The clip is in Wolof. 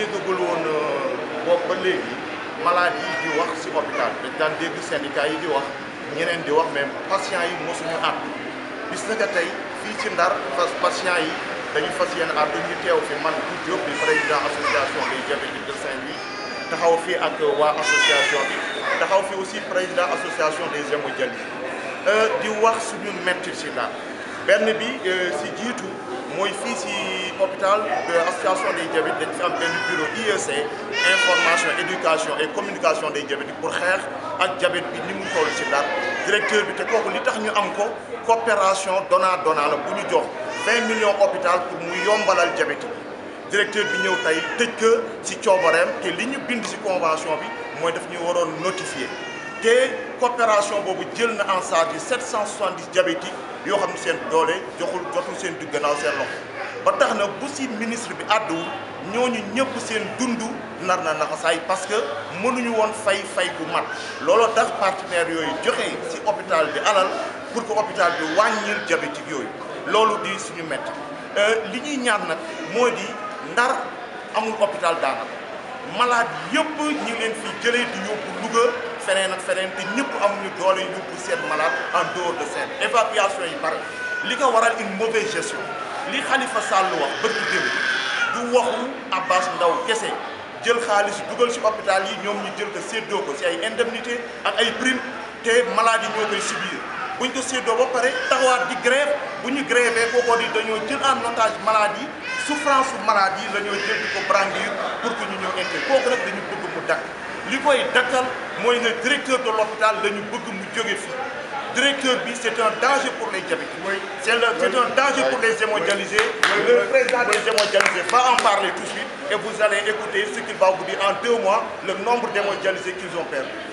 déggagul woon euh, boobu ba léegi malade yi di wax si hôpital dañ daan dégg syndicat yi di wax ñeneen di wax même patient yi mosuñu àtt bis na nga tey fii ci Ndar parce que patient yi dañuy fas yéen àtt ñu teew fi man du Diop di président association des diabétiques de Saint-Louis taxaw fii ak waa association bi taxaw fi aussi président association des hémodialysés euh, di wax suñu métti si Ndar benn bi euh, si jiitu mooy fii si hôpital de association des diabétiques dañ fi am benn bureau IEC information éducation et communication des diabétiques pour xeex ak diabète bi ni mu toll ci Ndar directeur bi te kooku li tax ñu am ko coopération donnant donnant bu ñu jox 20 millions hôpital pour mu yombalal diabète bi directeur bi ñëw tey tëj ko ci coobareem te li ñu bind ci convention bi mooy daf ñuy waroon notifier te coopération boobu jël na en di 770 diabétiques yoo xam ne seen doole joxul jotul seen du gannaaw seen loxo ba tax na bu si ministre bi àdduwul ñu ñëpp seen dund nar na naxasaay parce que mënuñu woon fay fay bu mat looloo tax partenaires yooyu joxe si hôpital bi alal pour que hôpital bi wàññil diabétique yooyu loolu di suñu métti euh, li ñuy ñaan nag moo di ndar amul hôpital daanaka malade yëpp ñu leen fi jëlee di yóbbu Louga feneen ak feneen te ñëpp amuñu doole yu pour seen malade en dehors de seen évacuation yi bare li nga waral une mauvaise gestion li Khalifa Sall wax bëgg dém du waxu Abbas Ndao kese jël xaalis dugal ci hôpital yi ñoom ñu jël ko séddoo ko ci ay indemnité ak ay prime te malade yi ñoo koy subir bu ñu ko séddoo ba taxawaat di grève bu ñu grévé kookoo di dañoo jël en otage malade yi souffrance su malade yi la jël ko brandir pour que ñu ñëw inte li koy dakkal mooy ne directeur de l'hôpital lañu bëgg mu jóge fi directeur bi c'est un danger pour les diabétiques oui. c'est le, c'est un danger pour les hémodialysés oui. le président en parler tout suite et vous allez écouter ce qu'il va en deux mois le nombre d'hémodialysés qu'ils ont perdu